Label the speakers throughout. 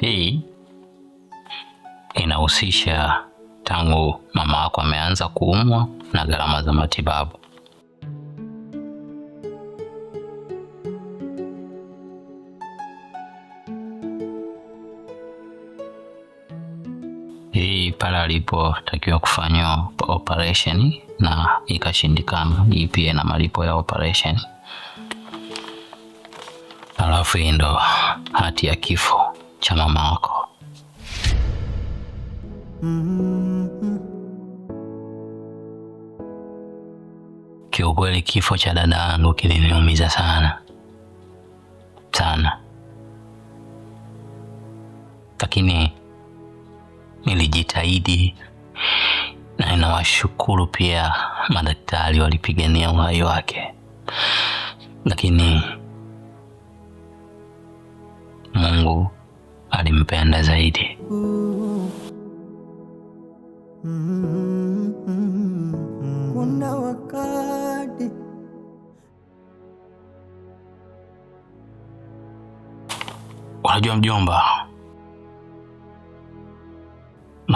Speaker 1: Hii inahusisha tangu mama yako ameanza kuumwa na gharama za matibabu. ilipotakiwa kufanywa operation na ikashindikana, ipie na malipo ya operation. Alafu hii ndo hati ya kifo cha mama wako. Kiukweli kifo cha dada yangu kiliniumiza sana sana, lakini nilijitahidi na ninawashukuru pia madaktari walipigania uhai wake, lakini Mungu alimpenda zaidi. Kuna wakati unajua, mjomba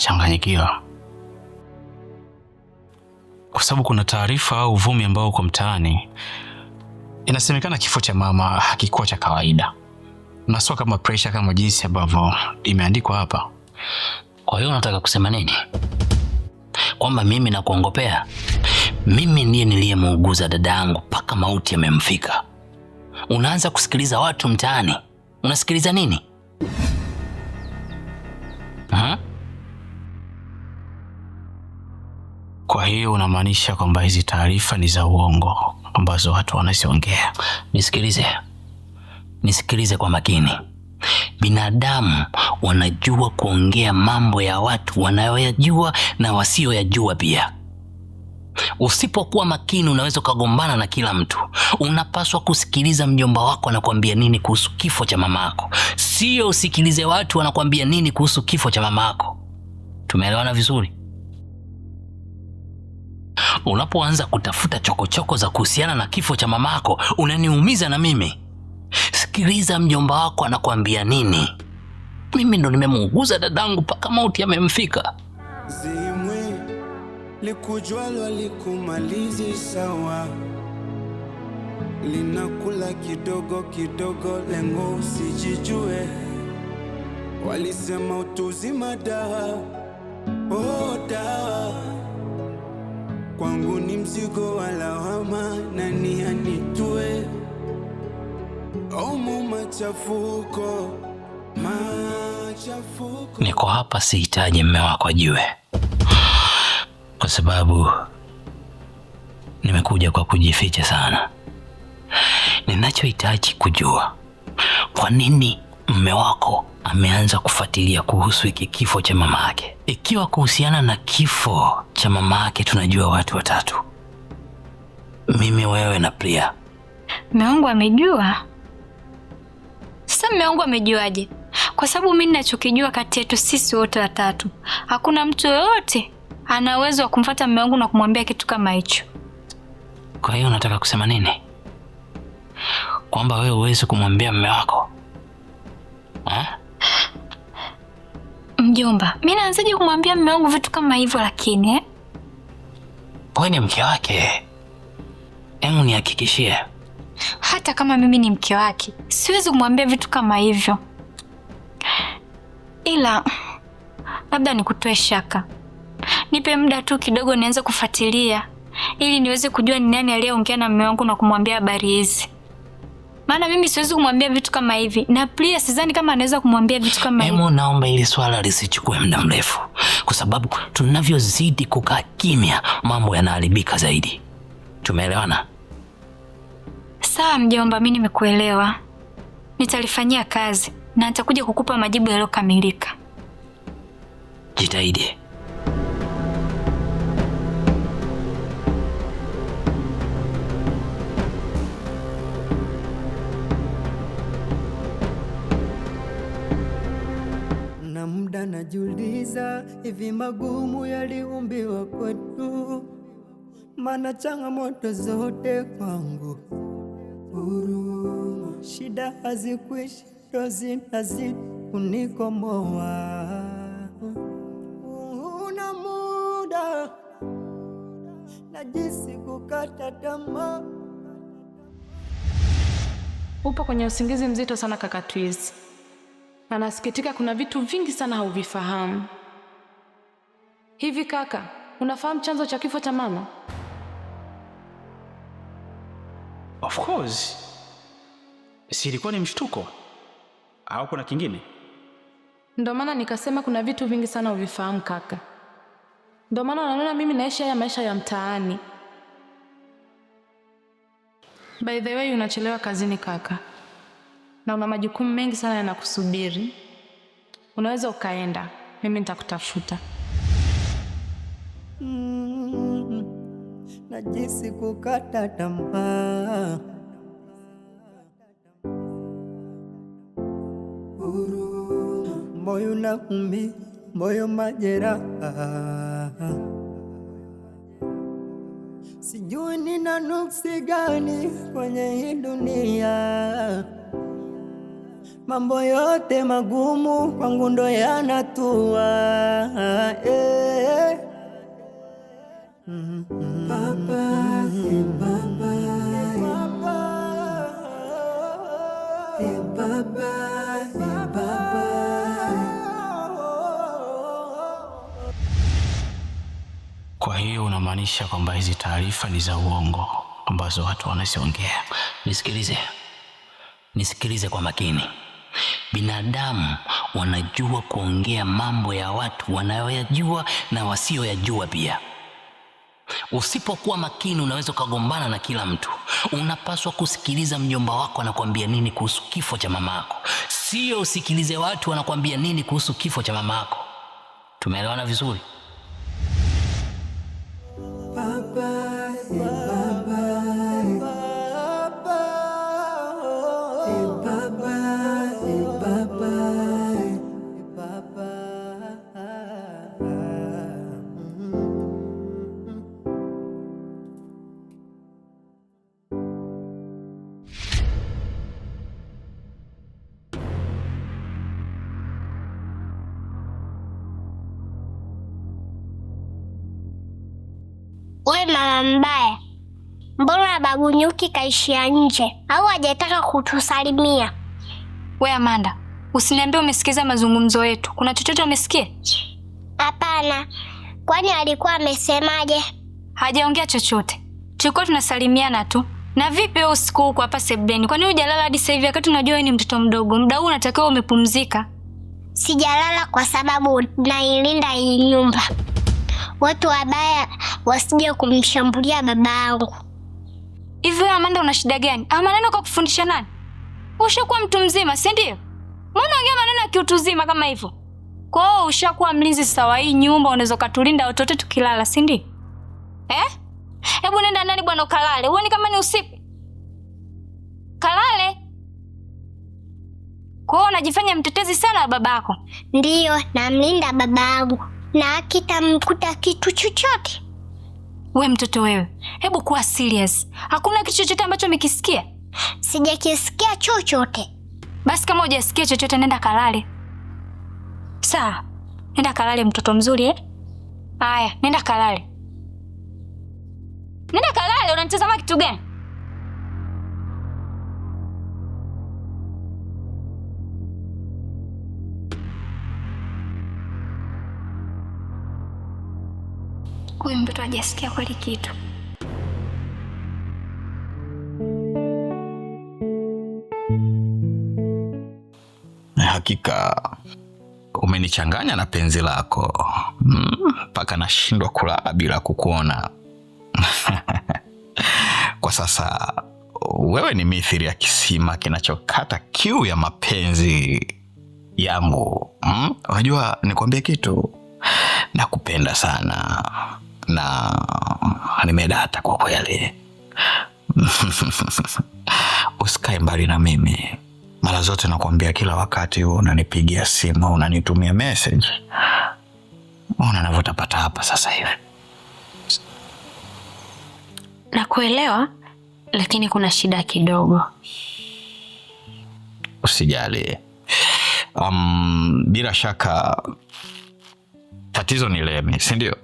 Speaker 1: unachanganyikiwa kwa sababu kuna taarifa au uvumi ambao uko mtaani. Inasemekana kifo cha mama hakikuwa cha kawaida, na sio kama presha kama jinsi ambavyo imeandikwa hapa. Kwa hiyo unataka kusema nini? Kwamba mimi nakuongopea? Mimi ndiye niliyemuuguza dada yangu mpaka mauti yamemfika. Unaanza kusikiliza watu mtaani, unasikiliza nini? hiyo unamaanisha kwamba hizi taarifa ni za uongo ambazo watu wanaziongea. Nisikilize, nisikilize kwa makini. Binadamu wanajua kuongea mambo ya watu wanayoyajua na wasiyoyajua pia. Usipokuwa makini, unaweza ukagombana na kila mtu. Unapaswa kusikiliza mjomba wako anakuambia nini kuhusu kifo cha mama yako, sio usikilize watu wanakuambia nini kuhusu kifo cha mama yako. Tumeelewana vizuri? unapoanza kutafuta chokochoko choko za kuhusiana na kifo cha mamako, unaniumiza na mimi. Sikiliza mjomba wako anakuambia nini. Mimi ndo nimemuuguza dadangu mpaka mauti yamemfika. Zimwi likujwalo likumalizi sawa, linakula kidogo kidogo, lengo usijijue. Walisema utuzima dawa, oh dawa kwangu ni mzigo wa lawama, na anitue omu oh, machafuko, machafuko. Niko hapa, sihitaji mme wako ajue, kwa sababu nimekuja kwa kujificha sana. Ninachohitaji kujua kwa nini Mme wako ameanza kufuatilia kuhusu hiki kifo cha mama yake. Ikiwa kuhusiana na kifo cha mama yake, tunajua watu watatu, mimi, wewe na Priya.
Speaker 2: Mme wangu amejua? Sasa mme wangu amejuaje? Kwa sababu mi ninachokijua kati yetu sisi wote watatu, hakuna mtu yoyote ana uwezo wa kumfata mme wangu na kumwambia kitu kama hicho.
Speaker 1: Kwa hiyo unataka kusema nini? Kwamba wewe huwezi kumwambia mme wako Eh?
Speaker 2: Mjomba, mi naanzaje kumwambia mume wangu vitu kama hivyo? Lakini eh?
Speaker 1: Wewe ni mke wake, hebu nihakikishie.
Speaker 2: Hata kama mimi ni mke wake, siwezi kumwambia vitu kama hivyo, ila labda nikutoe shaka. Nipe muda tu kidogo, nianze kufuatilia ili niweze kujua ni nani aliyeongea na mume wangu na kumwambia habari hizi maana mimi siwezi kumwambia vitu kama hivi, na pia sidhani kama anaweza kumwambia vitu kama hivi.
Speaker 1: naomba ili swala lisichukue muda mrefu, kwa sababu tunavyozidi kukaa kimya mambo yanaharibika zaidi. Tumeelewana?
Speaker 2: Sawa mjomba, mimi nimekuelewa, nitalifanyia kazi na nitakuja kukupa majibu yaliyokamilika.
Speaker 1: Jitahidi. muda najiuliza, hivi magumu yaliumbiwa kwetu? mana
Speaker 3: changamoto zote kwangu huruma, shida hazikwishi, ndo zinazidi kunikomoa. Una muda najisi kukata tamaa. Upo kwenye usingizi mzito sana kaka na nasikitika, kuna vitu vingi sana hauvifahamu. Hivi kaka, unafahamu chanzo cha kifo cha mama?
Speaker 4: Of course, si ilikuwa ni mshtuko au kuna kingine?
Speaker 3: Ndio maana nikasema kuna vitu vingi sana uvifahamu kaka, ndio maana unaona mimi naishi haya maisha ya mtaani. By the way, unachelewa kazini kaka na una majukumu mengi sana yanakusubiri. Unaweza ukaenda, mimi nitakutafuta. Mm, najisi kukata tamaa. Moyo naumia, moyo majeraha, sijui nina nuksi gani kwenye hii dunia.
Speaker 1: Mambo yote magumu kwangu ndo yanatua, eh. Papa, si Papa, si Papa, si Papa. Kwa hiyo unamaanisha kwamba hizi taarifa ni za uongo ambazo watu wanaziongea? Nisikilize, nisikilize kwa makini. Binadamu wanajua kuongea mambo ya watu wanayoyajua na wasiyoyajua pia. Usipokuwa makini, unaweza ukagombana na kila mtu. Unapaswa kusikiliza mjomba wako anakuambia nini kuhusu kifo cha mama yako, sio usikilize watu wanakuambia nini kuhusu kifo cha mama yako. Tumeelewana vizuri Baba.
Speaker 5: mbaya. Mbona babu nyuki kaishia nje au hajataka kutusalimia?
Speaker 3: We Amanda, usiniambie umesikiza mazungumzo yetu. Kuna chochote umesikia?
Speaker 5: Hapana. Kwani alikuwa amesemaje?
Speaker 3: Hajaongea chochote, tulikuwa tunasalimiana tu. Na vipi wewe usiku huko hapa sebleni, kwani hujalala hadi sasa hivi, wakati unajua wewe ni mtoto mdogo? Muda huu unatakiwa umepumzika.
Speaker 5: Sijalala kwa sababu nailinda hii nyumba, watu wabaya wasije kumshambulia baba yangu.
Speaker 3: Hivi wewe Amanda, una shida gani? Au ah, maneno kwa kufundisha nani? Ushakuwa mtu mzima, si ndio? Mbona ongea maneno ya kiutu uzima kama hivyo? Kwa hiyo ushakuwa mlinzi sawa, hii nyumba unaweza ukatulinda watoto tukilala, si ndio? Eh? Hebu nenda ndani bwana ukalale. Uone kama ni usiku. Kalale. Kwa hiyo unajifanya mtetezi sana wa babako?
Speaker 5: Ndiyo, namlinda babangu na akitamkuta kitu chochote
Speaker 3: We mtoto wewe, hebu kuwa serious. Hakuna kitu chochote ambacho umekisikia?
Speaker 5: Sijakisikia chochote.
Speaker 3: Basi kama hujasikia chochote, nenda kalale. Sawa, nenda kalale mtoto mzuri eh? Aya, nenda kalale, nenda kalale. Unanitazama kitu gani? huyu mtoto hajasikia kweli kitu.
Speaker 1: Hakika umenichanganya na penzi lako hmm, mpaka mm, nashindwa kulala bila kukuona kwa sasa wewe ni mithili ya kisima kinachokata kiu ya mapenzi yangu. Hmm, unajua, mm? Nikwambie kitu, nakupenda sana na nimedata kwa kweli. Usikae mbali na mimi mara zote, nakuambia kila wakati huo unanipigia simu au unanitumia message. Ona navyotapata hapa sasa hivi.
Speaker 2: Nakuelewa, lakini kuna shida kidogo.
Speaker 1: Usijali. Um, bila shaka tatizo ni Lemi, si ndio?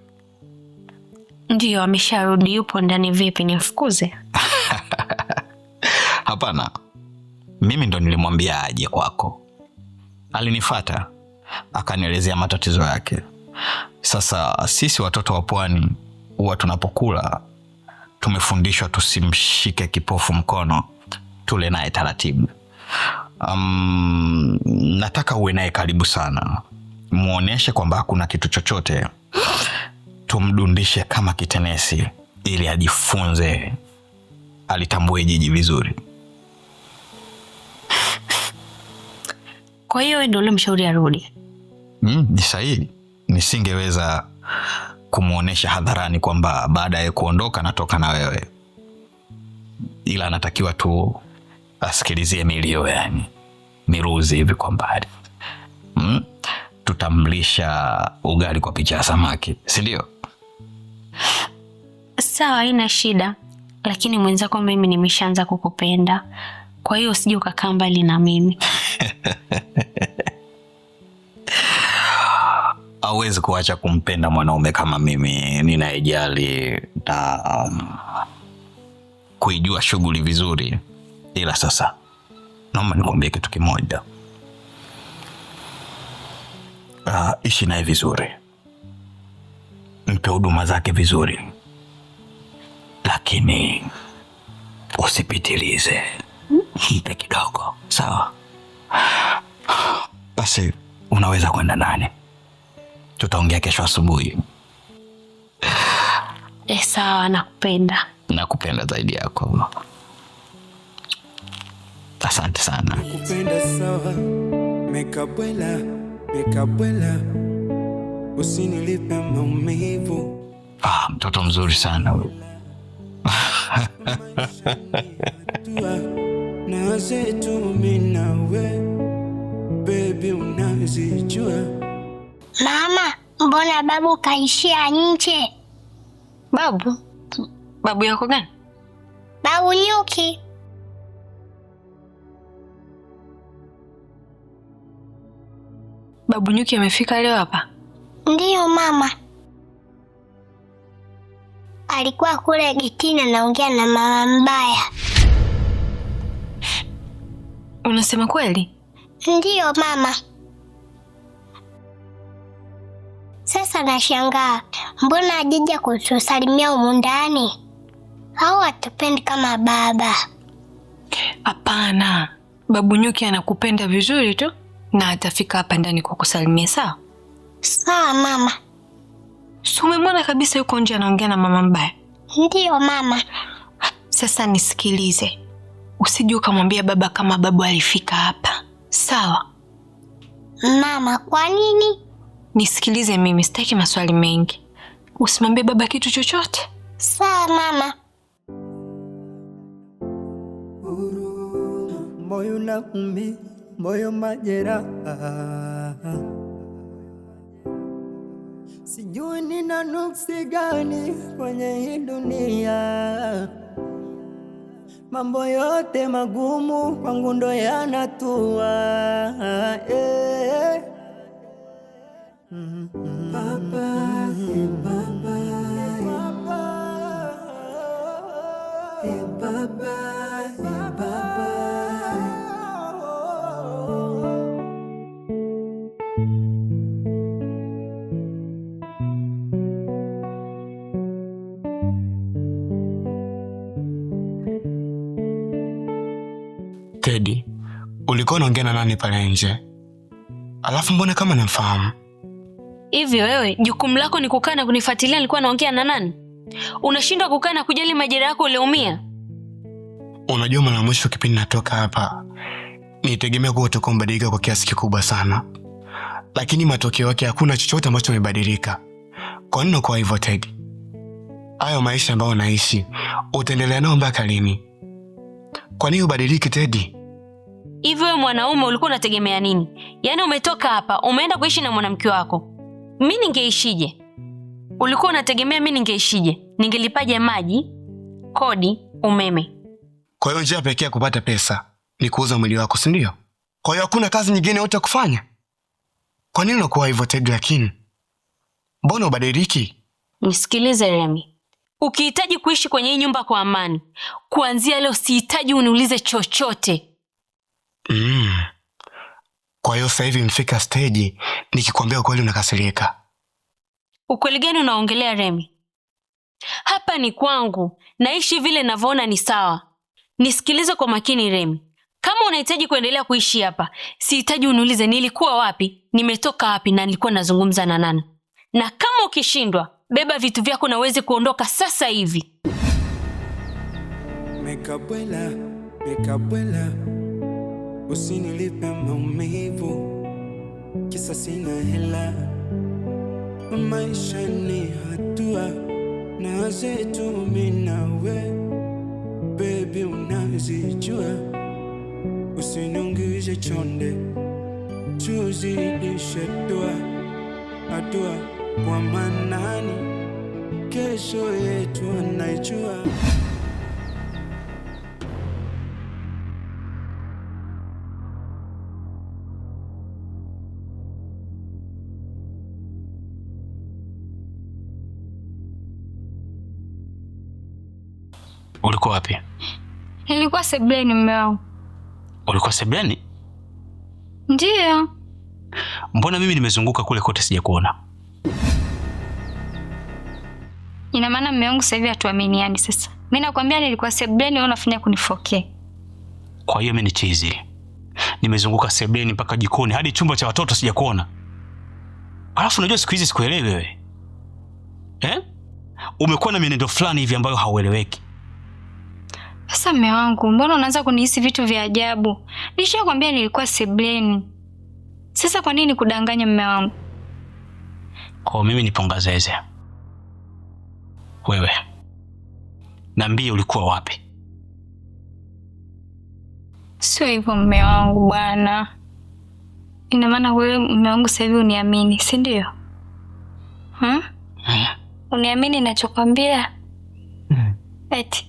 Speaker 2: ndio amesharudi yupo ndani. Vipi, nimfukuze?
Speaker 1: Hapana, mimi ndo nilimwambia aje kwako. Alinifata akanielezea matatizo yake. Sasa sisi watoto wa pwani huwa tunapokula tumefundishwa tusimshike kipofu mkono, tule naye taratibu. Um, nataka uwe naye karibu sana, mwonyeshe kwamba hakuna kitu chochote tumdundishe kama kitenesi ili ajifunze alitambue jiji vizuri.
Speaker 2: Kwa hiyo ndio ulimshauri arudi?
Speaker 1: Mm, ni sahihi. Nisingeweza kumwonyesha hadharani kwamba baada ya kuondoka natoka na wewe, ila anatakiwa tu asikilizie milio, yani miruzi hivi kwa mbali. Mm, tutamlisha ugali kwa picha ya samaki, si ndio?
Speaker 2: Sawa, haina shida, lakini mwenzako, mimi nimeshaanza kukupenda, kwa hiyo usije ukakaa mbali na mimi.
Speaker 1: awezi kuacha kumpenda mwanaume kama mimi ninayejali na um, kuijua shughuli vizuri, ila sasa naomba nikuambie kitu kimoja. Uh, ishi naye vizuri mpe huduma zake vizuri, lakini usipitilize mpe hmm? kidogo, sawa? Basi unaweza kwenda nani tutaongea kesho asubuhi.
Speaker 2: E, sawa. Nakupenda,
Speaker 1: nakupenda zaidi yako. Asante sana. Nakupenda sawa, mekabwela mekabwela usinilipe maumivu. Ah, mtoto mzuri sana
Speaker 5: Mama, mbona babu kaishia nje?
Speaker 3: Babu babu yako gani?
Speaker 5: Babu Nyuki.
Speaker 3: Babu Nyuki amefika leo hapa?
Speaker 5: Ndiyo mama, alikuwa kule getini anaongea na mama mbaya.
Speaker 3: Unasema kweli?
Speaker 5: Ndiyo mama. Sasa nashangaa mbona ajija kutusalimia humu ndani, au atupendi kama baba?
Speaker 3: Hapana, babu nyuki anakupenda vizuri tu na atafika hapa ndani kwa kusalimia. Sawa.
Speaker 5: Sawa mama.
Speaker 3: So umemwona kabisa yuko nje anaongea na mama mbaya?
Speaker 5: Ndiyo mama.
Speaker 3: Sasa nisikilize, usije ukamwambia baba kama babu alifika hapa, sawa
Speaker 5: mama? Kwa nini?
Speaker 3: Nisikilize mimi, sitaki maswali mengi. Usimwambie baba kitu chochote,
Speaker 5: sawa mama? Moyo naumia, moyo majeraha Sijui nina nuksi gani kwenye hii dunia, mambo yote magumu kwangu ndo yanatua eh.
Speaker 6: Papa, eh Papa, eh Papa, eh Papa, eh Papa. Ulikuwa unaongea na nani pale nje? Alafu mbona kama namfahamu
Speaker 3: hivi? Wewe jukumu lako ni kukaa na kunifuatilia nilikuwa naongea na nani? Unashindwa kukaa na kujali majira yako ulioumia?
Speaker 6: Unajua, mara mwisho kipindi natoka hapa nitegemea kuwa utakuwa umebadilika kwa kiasi kikubwa sana, lakini matokeo yake hakuna chochote ambacho umebadilika. Kwa nini uko hivyo Hayo maisha ambayo unaishi utaendelea nao mpaka lini? Kwa nini ubadiliki Tedi?
Speaker 3: Hivi wewe mwanaume ulikuwa unategemea nini? Yaani umetoka hapa umeenda kuishi na mwanamke wako, mi ningeishije? Ulikuwa unategemea mi ningeishije? Ningelipaje maji, kodi, umeme?
Speaker 6: Kwa hiyo njia pekee ya kupata pesa ni kuuza mwili wako, si ndio? Kwa hiyo hakuna kazi nyingine yote kufanya? Kwa nini unakuwa hivyo Teddy? Lakini mbona ubadiliki?
Speaker 3: Nisikilize Remi, ukihitaji kuishi kwenye hii nyumba kwa amani, kuanzia leo sihitaji uniulize chochote.
Speaker 6: Mm. Kwa hiyo sasa hivi mfika steji, nikikwambia ukweli unakasirika.
Speaker 3: Ukweli gani unaongelea Remi? Hapa ni kwangu, naishi vile navyoona ni sawa. Nisikilize kwa makini Remi, kama unahitaji kuendelea kuishi hapa, sihitaji uniulize nilikuwa wapi, nimetoka wapi na nilikuwa nazungumza na nani. Na kama ukishindwa, beba vitu vyako na uweze kuondoka sasa hivi. Mekabwela, mekabwela. Usinilipe maumivu, kisa sina hela. Maisha ni hatua na zetu, mimi nawe baby, unazijua. Usiniungize chonde,
Speaker 6: tuzidishe dua hatua kwa manani, kesho yetu anaijua.
Speaker 3: nilikuwa sebleni mume wangu.
Speaker 6: Ulikuwa sebleni? Ndiyo. Mbona mimi nimezunguka kule kote sijakuona?
Speaker 3: Ina maana mume wangu sasa hivi hatuaminiani sasa. Mimi nakwambia nilikuwa sebleni, wewe unafanya kunifokea.
Speaker 6: Kwa hiyo mimi ni chizi. Nimezunguka sebleni mpaka jikoni hadi chumba cha watoto sijakuona. Alafu unajua siku hizi sikuelewi wewe. Eh? Umekuwa na mienendo fulani hivi ambayo haueleweki.
Speaker 3: Sasa mme wangu, mbona unaanza kunihisi vitu vya ajabu? Nishakwambia nilikuwa sebleni. Sasa kwa nini kudanganya mme wangu?
Speaker 6: Kwa mimi nipongazeze wewe, nambie ulikuwa wapi?
Speaker 3: Sio hivyo mme wangu bwana, ina maana wewe mme wangu sasa hivi uniamini, si ndio? hmm? hmm. Uniamini nachokwambia? hmm. eti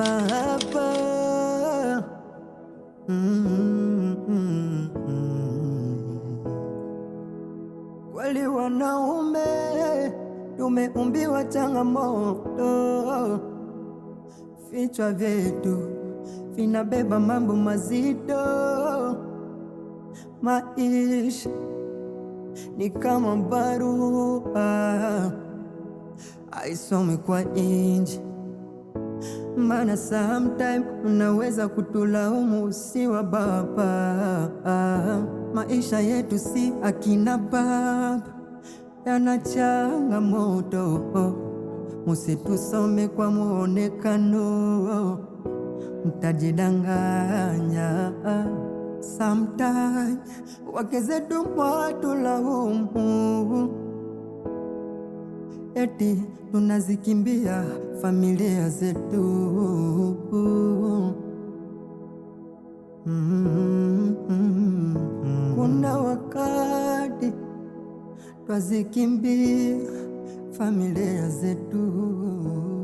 Speaker 3: mahaba mm mm-hmm. Kweli wanaume tumeumbiwa changamoto, vichwa vyetu vinabeba mambo mazito. Maisha ni kama barua, aisome kwa inji maana sometime unaweza kutulaumu usiwa baba. Maisha yetu si akina baba, yana changamoto, musitusome kwa muonekano, mtajidanganya sometime. Wake zetu mwatulaumu eti tunazikimbia familia zetu mm-hmm. Kuna wakati twazikimbia familia zetu.